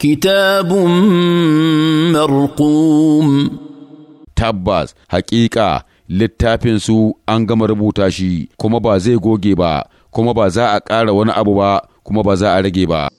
كتاب مرقوم تباز حقيقة littafinsu an gama rubuta shi kuma ba zai goge ba kuma ba za a ƙara wani abu ba kuma ba za a rage ba